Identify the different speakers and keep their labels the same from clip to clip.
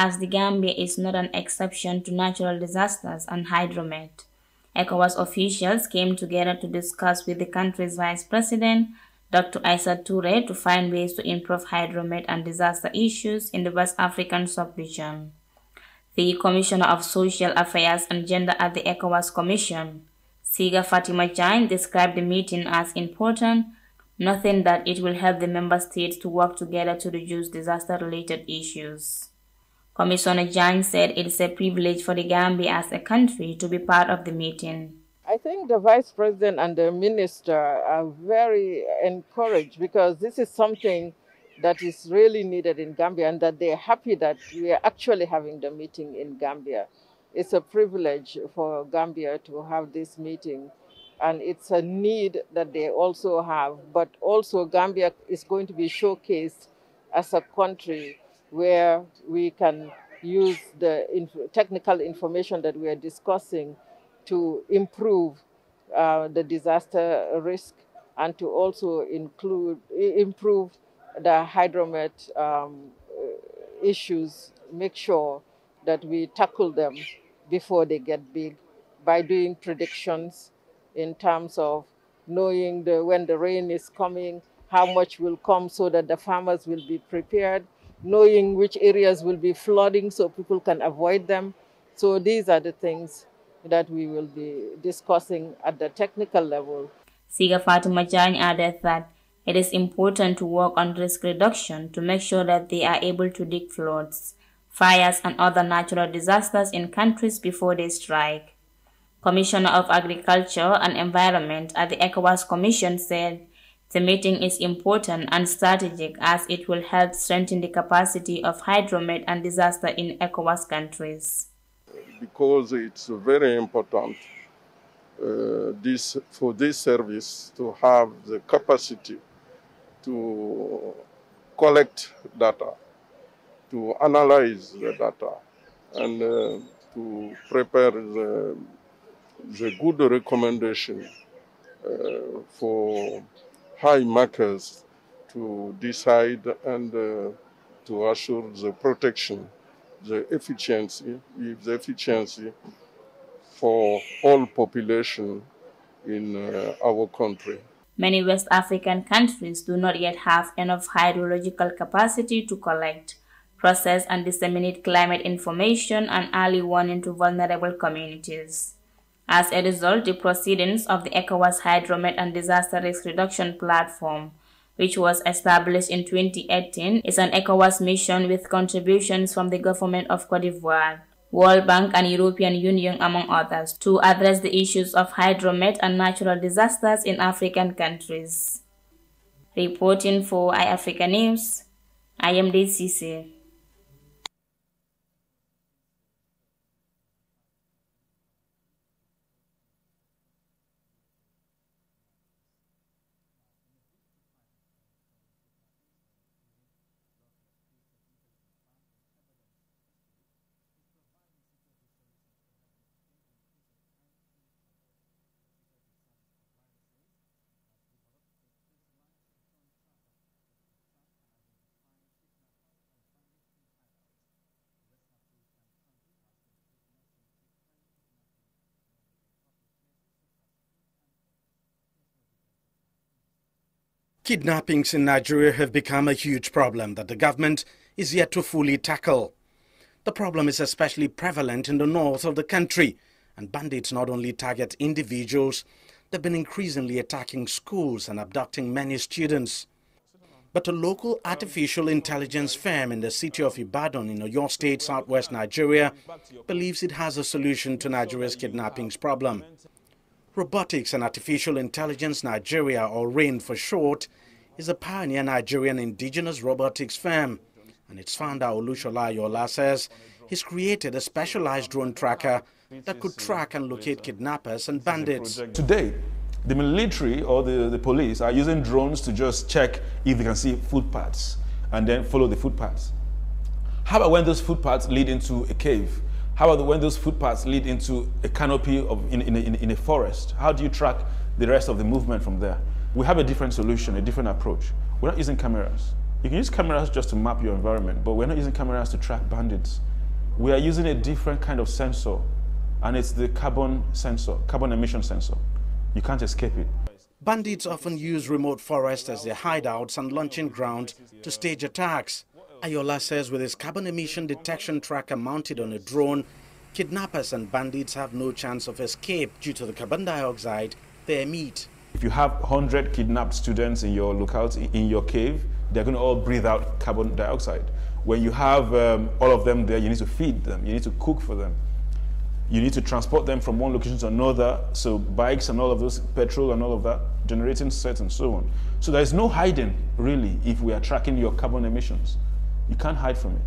Speaker 1: as the Gambia is not an exception to natural disasters and hydromet. ECOWAS officials came together to discuss with the country's vice president, Dr. Issa Toure, to find ways to improve hydromet and disaster issues in the West African sub-region. The Commissioner of Social Affairs and Gender at the ECOWAS Commission, Siga Fatima Jain, described the meeting as important, nothing that it will help the member states to work together to reduce disaster-related issues. Commissioner Jang said it is a privilege for the Gambia as a country to be part of the meeting.
Speaker 2: I think the Vice President and the Minister are very encouraged because this is something that is really needed in Gambia and that they're happy that we are actually having the meeting in Gambia. It's a privilege for Gambia to have this meeting and it's a need that they also have. But also, Gambia is going to be showcased as a country where we can use the inf technical information that we are discussing to improve uh, the disaster risk and to also include improve the hydromet um, issues, make sure that we tackle them before they get big by doing predictions in terms of knowing the, when the rain is coming, how much will come so that the farmers will be prepared, knowing which areas will be flooding so people can avoid them. So these are the things that we will be discussing at the technical level.
Speaker 1: Siga Fatima Jani added that it is important to work on risk reduction to make sure that they are able to dig floods, fires, and other natural disasters in countries before they strike. Commissioner of Agriculture and Environment at the ECOWAS Commission said the meeting is important and strategic as it will help strengthen the capacity of hydromet and disaster in ECOWAS countries.
Speaker 3: Because it's very important uh, this, for this service to have the capacity to collect data, to analyze the data, and uh, to prepare the, the good recommendation uh, for high markers to decide and uh, to assure the protection, the efficiency, the efficiency for all population in uh, our country.
Speaker 1: Many West African countries do not yet have enough hydrological capacity to collect, process and disseminate climate information and early warning to vulnerable communities. As a result, the proceedings of the ECOWAS Hydromet and Disaster Risk Reduction Platform, which was established in 2018, is an ECOWAS mission with contributions from the government of Cote d'Ivoire, World Bank and European Union, among others, to address the issues of hydromet and natural disasters in African countries. Reporting for iAfrica News, I am DCC.
Speaker 4: Kidnappings in Nigeria have become a huge problem that the government is yet to fully tackle. The problem is especially prevalent in the north of the country, and bandits not only target individuals, they've been increasingly attacking schools and abducting many students. But a local artificial intelligence firm in the city of Ibadan in Oyo State, southwest Nigeria, believes it has a solution to Nigeria's kidnappings problem. Robotics and Artificial Intelligence Nigeria, or RAIN for short, is a pioneer Nigerian indigenous robotics firm. And its founder, Olushola Yola, says he's created a specialized drone tracker that could track and locate kidnappers and bandits.
Speaker 5: Today, the military or the, the police are using drones to just check if they can see footpaths and then follow the footpaths. How about when those footpaths lead into a cave how about when those footpaths lead into a canopy of, in, in, in, in a forest? How do you track the rest of the movement from there? We have a different solution, a different approach. We're not using cameras. You can use cameras just to map your environment, but we're not using cameras to track bandits. We are using a different kind of sensor, and it's the carbon sensor, carbon emission sensor. You can't escape it.
Speaker 4: Bandits often use remote forests as their hideouts and launching grounds to stage attacks. Ayola says with his carbon emission detection tracker mounted on a drone, kidnappers and bandits have no chance of escape due to the carbon dioxide they emit. If you have 100 kidnapped students in your locality,
Speaker 5: in your cave, they're going to all breathe out carbon dioxide. When you have um, all of them there, you need to feed them, you need to cook for them, you need to transport them from one location to another. So bikes and all of those, petrol and all of that, generating sets and so on. So there is no hiding really if we are tracking your carbon emissions. You can't hide from it.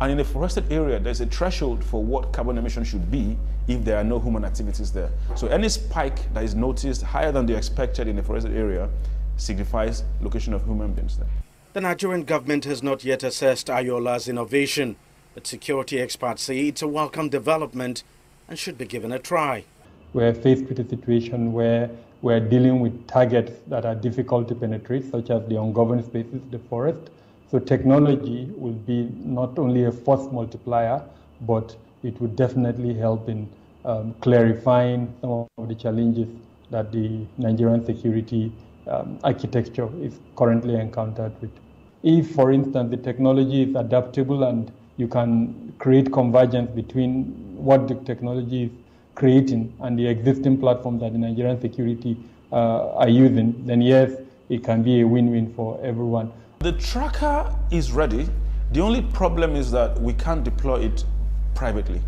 Speaker 5: And in a forested area, there's a threshold for what carbon emission should be if there are no human activities there. So any spike that is noticed higher than the expected in a forested area signifies location of human beings there.
Speaker 4: The Nigerian government has not yet assessed Ayola's innovation, but security experts say it's a welcome development and should be given a try.
Speaker 5: We're faced
Speaker 6: with a situation where we're dealing with targets that are difficult to penetrate, such as the ungoverned spaces, the forest, so technology will be not only a force multiplier, but it would definitely help in um, clarifying some of the challenges that the Nigerian security um, architecture is currently encountered with. If, for instance, the technology is adaptable and you can create convergence between what the technology is creating and the existing
Speaker 5: platforms that the Nigerian security uh, are using, then yes, it can be a win-win for everyone. The tracker is ready. The only problem is that we can't deploy it privately.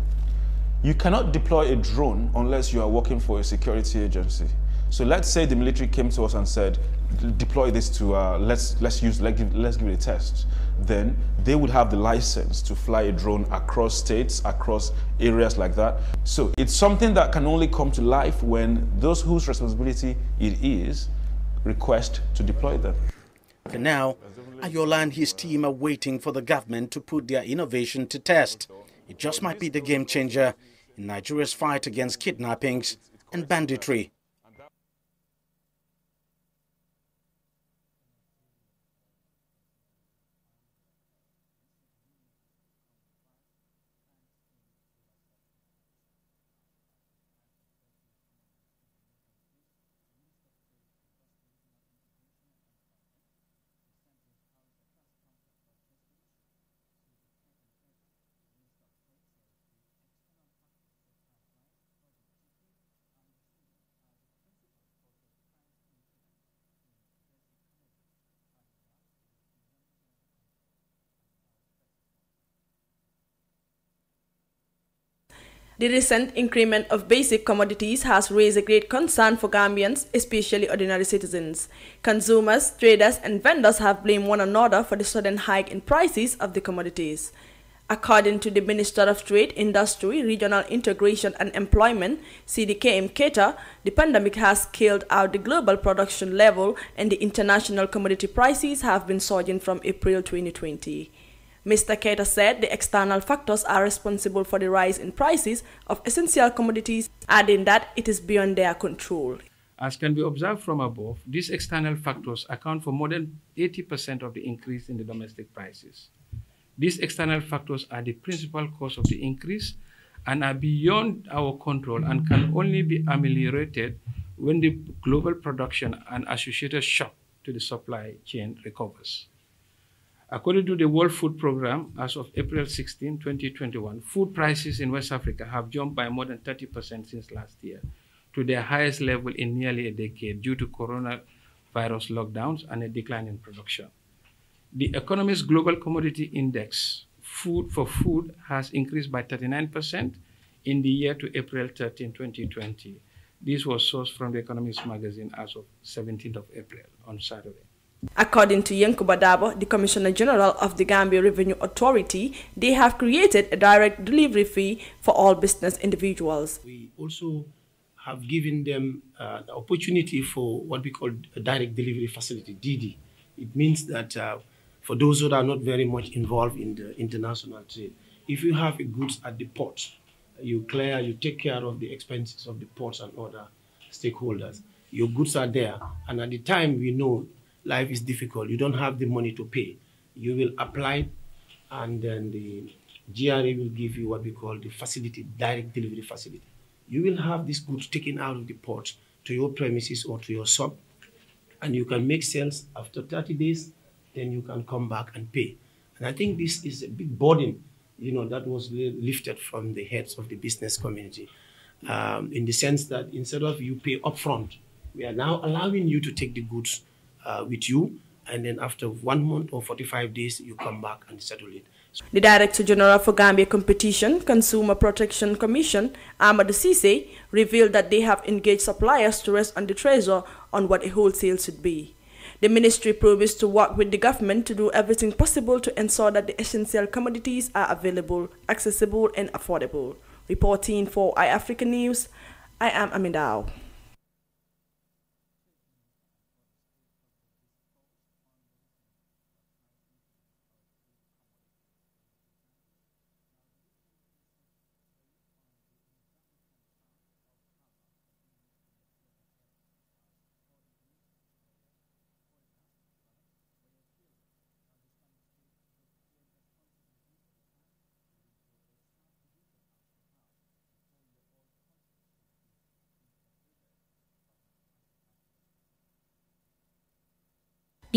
Speaker 5: You cannot deploy a drone unless you are working for a security agency. So let's say the military came to us and said, deploy this to, uh, let's, let's use, let's give, let's give it a test. Then they would have the license to fly a drone across states, across areas like that. So it's something that can only come to life when those whose responsibility it is request to deploy them.
Speaker 4: For now, Ayola and his team are waiting for the government to put their innovation to test. It just might be the game changer in Nigeria's fight against kidnappings and banditry.
Speaker 7: The recent increment of basic commodities has raised a great concern for Gambians, especially ordinary citizens. Consumers, traders, and vendors have blamed one another for the sudden hike in prices of the commodities. According to the Minister of Trade, Industry, Regional Integration and Employment, CDKM Keta, the pandemic has scaled out the global production level and the international commodity prices have been surging from April 2020. Mr. Keita said the external factors are responsible for the rise in prices of essential commodities, adding that it is beyond their control.
Speaker 8: As can be observed from above, these external factors account for more than 80% of the increase in the domestic prices. These external factors are the principal cause of the increase and are beyond our control and can only be ameliorated when the global production and associated shock to the supply chain recovers. According to the World Food Programme, as of April 16, 2021, food prices in West Africa have jumped by more than 30% since last year to their highest level in nearly a decade due to coronavirus lockdowns and a decline in production. The Economist Global Commodity Index food for food has increased by 39% in the year to April 13, 2020. This was sourced from the Economist magazine as of 17th of April on Saturday.
Speaker 7: According to Yanko Badabo, the Commissioner General of the Gambia Revenue Authority, they have created a direct delivery fee for all business individuals. We also
Speaker 9: have given them uh, the opportunity for what we call a direct delivery facility, DD. It means that uh, for those who are not very much involved in the international trade, if you have goods at the port, you clear, you take care of the expenses of the ports and other stakeholders. Your goods are there, and at the time we know life is difficult, you don't have the money to pay, you will apply and then the GRA will give you what we call the facility, direct delivery facility. You will have these goods taken out of the port to your premises or to your shop, and you can make sales after 30 days, then you can come back and pay. And I think this is a big burden, you know, that was lifted from the heads of the business community um, in the sense that instead of you pay upfront, we are now allowing you to take the goods uh, with you. And then after one month or 45 days, you come back and settle it.
Speaker 7: So the Director General for Gambia Competition Consumer Protection Commission, Ahmad Sise, revealed that they have engaged suppliers to rest on the treasure on what a wholesale should be. The ministry promised to work with the government to do everything possible to ensure that the essential commodities are available, accessible, and affordable. Reporting for iAfrica News, I am Amindao.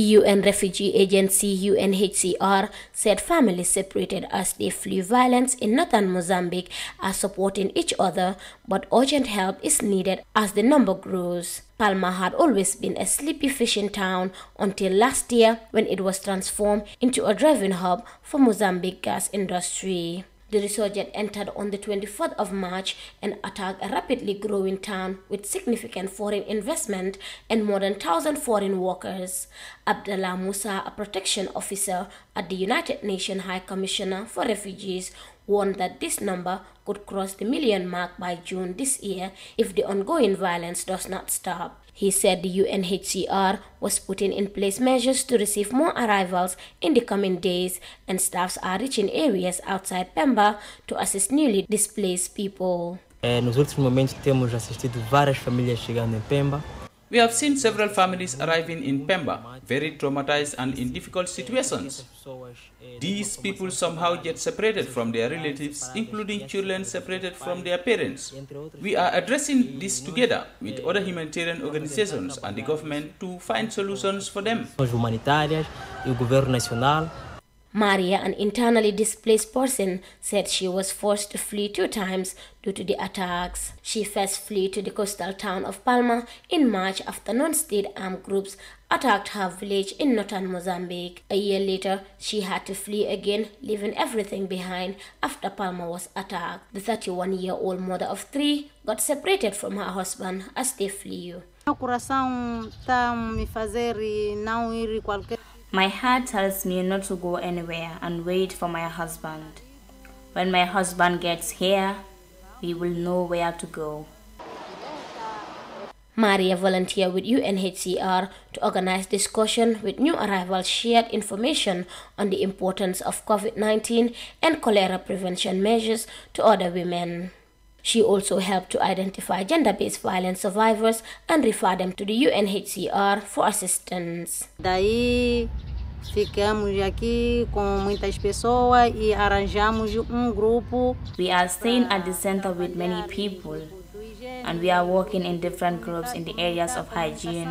Speaker 10: UN Refugee Agency UNHCR said families separated as they flee violence in northern Mozambique are supporting each other, but urgent help is needed as the number grows. Palma had always been a sleepy fishing town until last year when it was transformed into a driving hub for Mozambique gas industry. The resurgent entered on the 24th of March and attacked a rapidly growing town with significant foreign investment and more than 1,000 foreign workers. Abdallah Musa, a protection officer at the United Nations High Commissioner for Refugees, warned that this number could cross the million mark by June this year if the ongoing violence does not stop. He said the UNHCR was putting in place measures to receive more arrivals in the coming days and staffs are reaching areas outside Pemba to assist newly displaced people.
Speaker 7: Eh, nos últimos momentos temos assistido várias famílias chegando em Pemba
Speaker 11: we have seen several families arriving in Pemba, very traumatized and in difficult situations. These people somehow get separated from their relatives, including children separated from their parents. We are addressing this together with other humanitarian organizations and the government to find solutions for them.
Speaker 10: Maria, an internally displaced person, said she was forced to flee two times due to the attacks. She first fled to the coastal town of Palma in March after non-state armed groups attacked her village in northern Mozambique. A year later, she had to flee again, leaving everything behind after Palma was attacked. The 31-year-old mother of three got separated from her husband as they flew.
Speaker 1: My heart tells me not to go anywhere and wait for my husband. When my husband gets here, we will know where to go.
Speaker 10: Maria volunteered with UNHCR to organize discussion with new arrivals shared information on the importance of COVID-19 and cholera prevention measures to other women. She also helped to identify gender based violence survivors and refer them to the UNHCR for assistance. Daí ficamos aqui com muitas pessoas e arranjamos um
Speaker 1: grupo. We are staying at the center with many people and we are working in different groups in the areas of hygiene,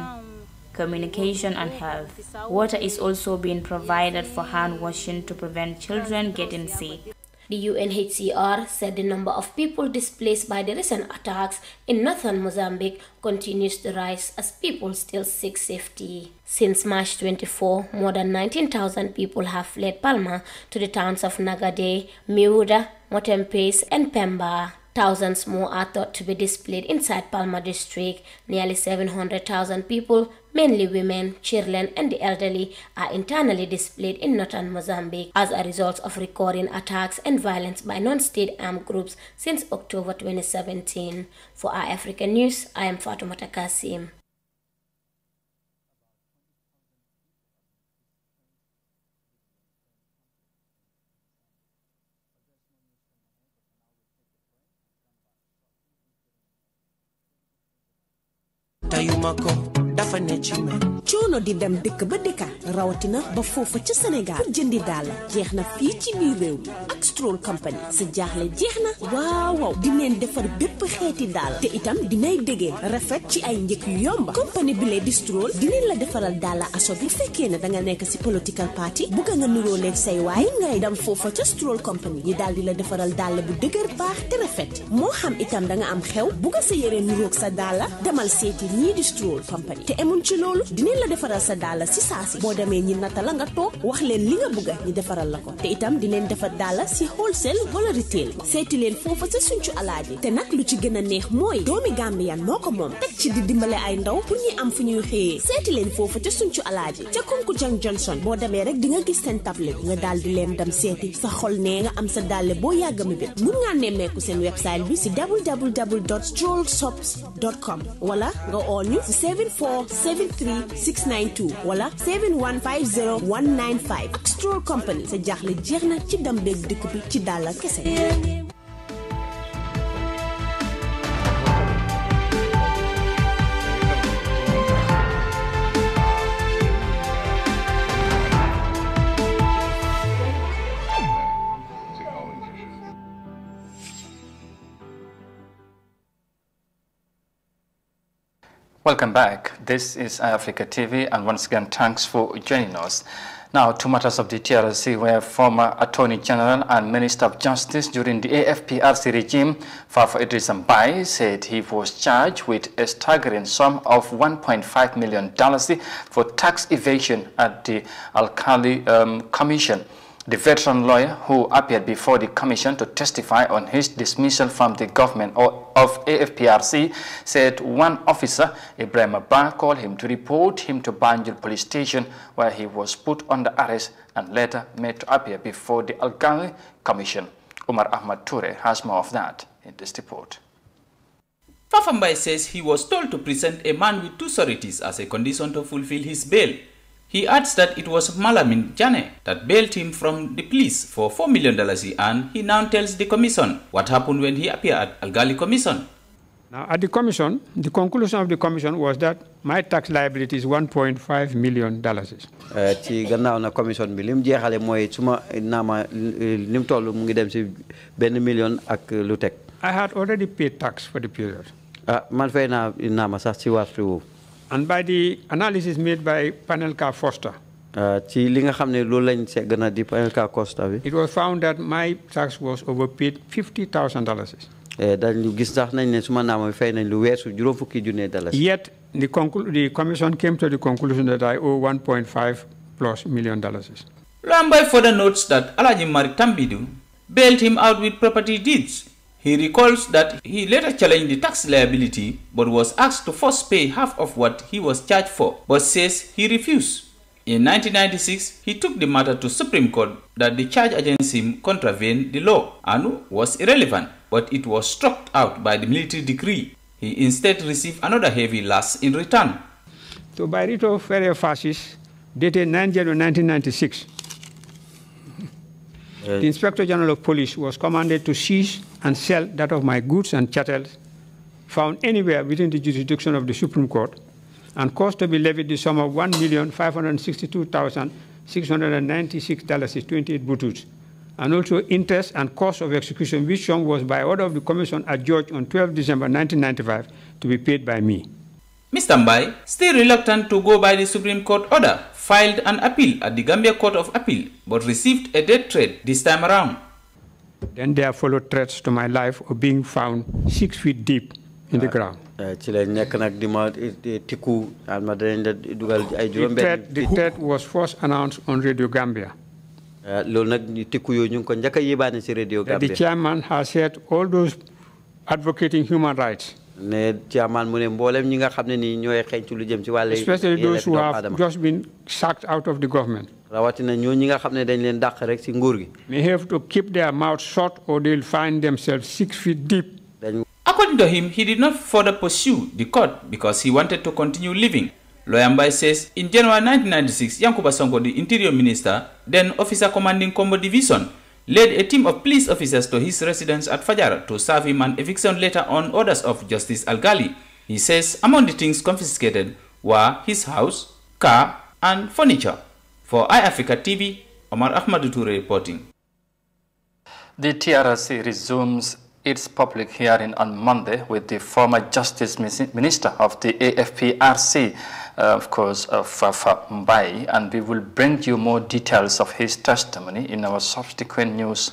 Speaker 1: communication and health. Water is
Speaker 10: also being provided for hand washing to prevent children getting sick. The UNHCR said the number of people displaced by the recent attacks in northern Mozambique continues to rise as people still seek safety. Since March 24, more than 19,000 people have fled Palma to the towns of Nagade, Miura, Motempes, and Pemba. Thousands more are thought to be displaced inside Palma district. Nearly 700,000 people Mainly women, children and the elderly are internally displaced in northern Mozambique as a result of recurring attacks and violence by non-state armed groups since October 2017. For Our African News, I am Fatoumata Kasim.
Speaker 8: Tayumako dafa ne ci man.
Speaker 12: coono di dem dëkk ba dëkka rawatina ba foofa ca senegal pour jëndi daal jeex na fii ci biir réew mi ak Stroll Company sa jaaxle jeex na waaw waaw di leen defar bépp xeeti daal te itam dinay déggee rafet ci ay njëkk yu yomba compagnie bi lee di Stroll dinañ la defaral daal aso bu fekkee ne danga nekk si political party bugg nga nuroo leeg say waay ngay dem foofa ca Stroll Company ñi daal di la defaral daal bu dëgër baax te rafet moo xam itam danga am xew bugg sa yére demal seeti ñii te emuñ ci loolu dinañ la defaral sa daala si boo demee ñi nata la nga toog wax leen li nga bëgg ñu defaral la ko te itam dinañ defar daala si wholesale wala retail seeti leen foofa sa suñcu alaaji te nag lu ci gën a neex mooy doomi Gambiyaan moo ko moom teg ci di dimbale ay ndaw pour ñuy am fu ñuy xëyee seeti leen foofa ca suñcu alaaji ca Kunku Jang Johnson boo demee rek di nga gis seen table nga daal di leen dem seeti sa xol nee nga am sa dàlle boo yàgg mi bét mun ngaa nemmeeku seen website bi si www strollshops com wala nga oo ñu si 473 692 wala 7150195 ak Stroll Company sa jaaxle jeex na ci dem beeg di bi ci dàll kese.
Speaker 6: Welcome back. This is Africa TV, and once again, thanks for joining us. Now to matters of the TRC, where former Attorney General and Minister of Justice during the AFPRC regime, Fafa Idris Mbai, said he was charged with a staggering sum of $1.5 million for tax evasion at the Alkali um, Commission. The veteran lawyer who appeared before the commission to testify on his dismissal from the government of AFPRC said one officer, Ibrahim Abba, called him to report him to Banjul police station where he was put under arrest and later made to appear before the Algari commission. Umar Ahmad
Speaker 11: Toure has more of that in this report. Fafambai says he was told to present a man with two sororities as a condition to fulfill his bail. He adds that it was Malamin Jane that bailed him from the police for $4 million he earned. He now tells the commission what happened when he appeared at Algali Commission.
Speaker 8: Now, at the commission, the conclusion of the commission was that my tax liability is $1.5 million.
Speaker 11: Eh,
Speaker 8: na commission million ak I had already paid tax for the period. ah and by the analysis made by Panelka Foster. Ah, Panelka Costa it was found that my tax was overpaid fifty thousand dollars. Eh, gis dollars. yet the the commission came to the conclusion that I owe one point five plus
Speaker 11: million dollars. Rambai further notes that Alajim Maritambidu bailed him out with property deeds he recalls that he later challenged the tax liability but was asked to first pay half of what he was charged for but says he refused. In 1996, he took the matter to Supreme Court that the charge against him contravened the law and was irrelevant, but it was struck out by the military decree. He instead received another heavy loss in return.
Speaker 8: So by writ of very fascist, dated 9 January 1996, the Inspector General of Police was commanded to seize and sell that of my goods and chattels found anywhere within the jurisdiction of the Supreme Court and cost to be levied the sum of $1,562,696.28 butus, and also interest and cost of execution, which sum was by order of the Commission adjudged on 12 December 1995 to be paid by me.
Speaker 11: Mr. Mbai, still reluctant to go by the Supreme Court order, filed an appeal at the Gambia Court of Appeal but received a death threat this time around. Then there
Speaker 8: followed threats to my life of being found six feet deep in the ah, ground. Eh, ci lañ the threat was first announced on Radio Gambia. Eh, loolu Radio Gambia. the chairman has said all those advocating human rights. ne chairman mu ne mboolem ñi nga xam ne nii ñooy xeeñtu lu jëm ci wàll especially those who have just been sacked out of the government rawatina ñoo ñi nga xam ne dañ leen dàq rek si nguur gi they have to keep their mouth shut or they'll find themselves six feet
Speaker 11: deep According to him, he did not further pursue the court because he wanted to continue living. Lawyer Mbai says in January 1996, Yankuba Sonko, the interior minister, then officer commanding Combo Division, led a team of police officers to his residence at Fajara to serve him an eviction letter on orders of Justice Algali. He says among the things confiscated were his house, car, and furniture. For iAfrica TV, Omar Ahmad Toure reporting. The TRC
Speaker 6: resumes its public hearing on Monday with the former Justice Minister of the AFPRC, uh, of course, uh, Fafa Mbai, and we will bring you more details of his testimony in our subsequent news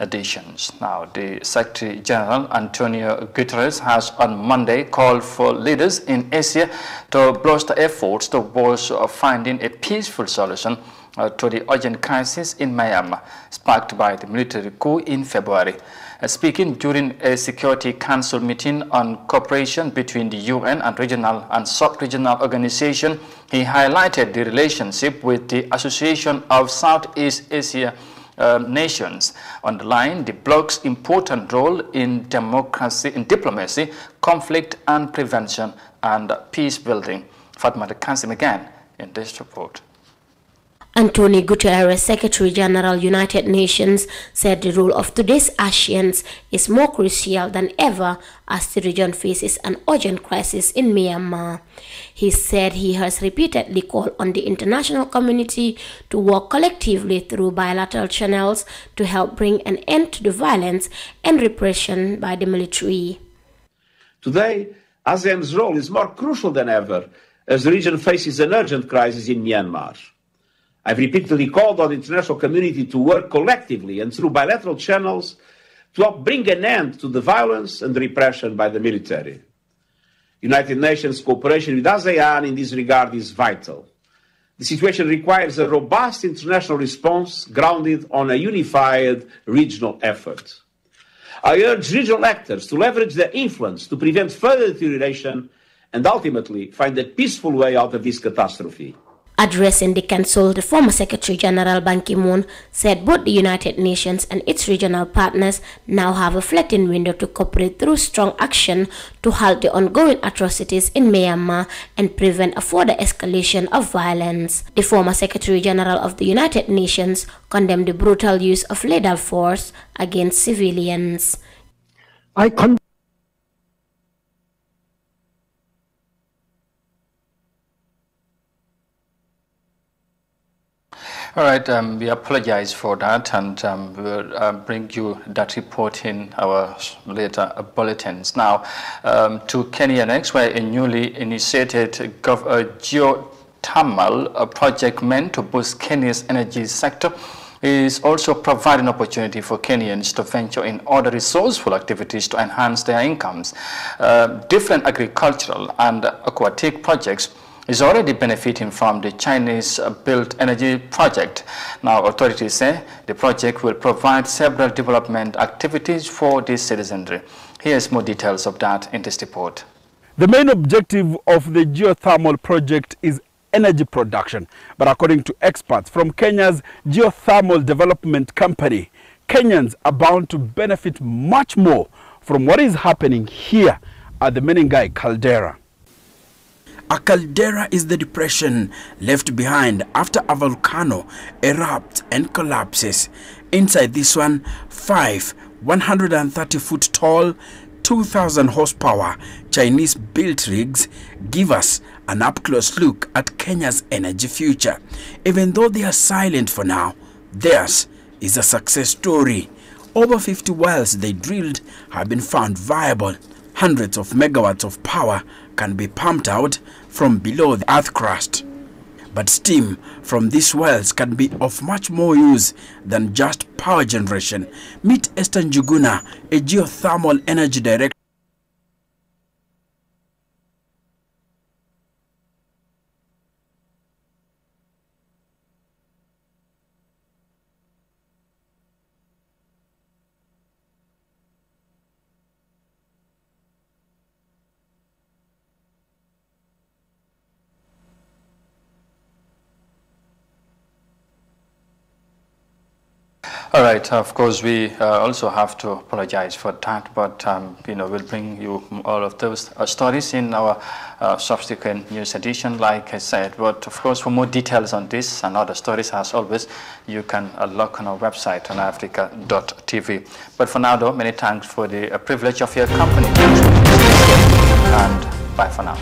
Speaker 6: editions. Now, the Secretary General Antonio Guterres has on Monday called for leaders in Asia to boost efforts towards finding a peaceful solution uh, to the urgent crisis in Myanmar, sparked by the military coup in February. Uh, speaking during a Security Council meeting on cooperation between the UN and regional and sub-regional organizations, he highlighted the relationship with the Association of Southeast Asia um, nations, underlying the bloc's important role in democracy, in diplomacy, conflict and prevention, and peace building. Fatma Kansim again in this report.
Speaker 10: Antonio Guterres, Secretary General, United Nations, said the role of today's ASEANs is more crucial than ever as the region faces an urgent crisis in Myanmar. He said he has repeatedly called on the international community to work collectively through bilateral channels to help bring an end to the violence and repression by the military.
Speaker 5: Today, ASEAN's role is more crucial than ever as the region faces an urgent crisis in Myanmar. I've repeatedly called on the international community to work collectively and through bilateral channels to help bring an end to the violence and repression by the military. United Nations cooperation with ASEAN in this regard is vital. The situation requires a robust international response grounded on a unified regional effort. I urge regional actors to leverage their influence to prevent further deterioration and ultimately find a peaceful way out of this catastrophe.
Speaker 10: Addressing the Council, the former Secretary General Ban Ki-moon said both the United Nations and its regional partners now have a flattened window to cooperate through strong action to halt the ongoing atrocities in Myanmar and prevent a further escalation of violence. The former Secretary General of the United Nations condemned the brutal use of lethal force against civilians. I
Speaker 6: All right, um, we apologize for that and um, we'll uh, bring you that report in our later bulletins. Now, um, to Kenya next, where a newly initiated gov uh, geothermal a uh, project meant to boost Kenya's energy sector is also providing opportunity for Kenyans to venture in other resourceful activities to enhance their incomes. Uh, different agricultural and aquatic projects is already benefiting from the Chinese-built energy project. Now, authorities say the project will provide several development activities
Speaker 3: for the citizenry. Here's more details of that in this report. The main objective of the geothermal project is energy production. But according to experts from Kenya's Geothermal Development Company, Kenyans are bound to benefit much more from what is happening here at the Menengai caldera. A caldera is the depression left behind after a volcano erupts and collapses. Inside this one, five 130 foot tall, 2000 horsepower Chinese built rigs give us an up close look at Kenya's energy future. Even though they are silent for now, theirs is a success story. Over 50 wells they drilled have been found viable. Hundreds of megawatts of power can be pumped out from below the earth crust. But steam from these wells can be of much more use than just power generation. Meet Esther Njuguna, a geothermal energy director.
Speaker 6: All right. Of course, we uh, also have to apologize for that, but um, you know we'll bring you all of those uh, stories in our uh, subsequent news edition, like I said. But of course, for more details on this and other stories, as always, you can uh, look on our website on africa.tv. But for now, though, many thanks for the uh, privilege of your company, and bye for now.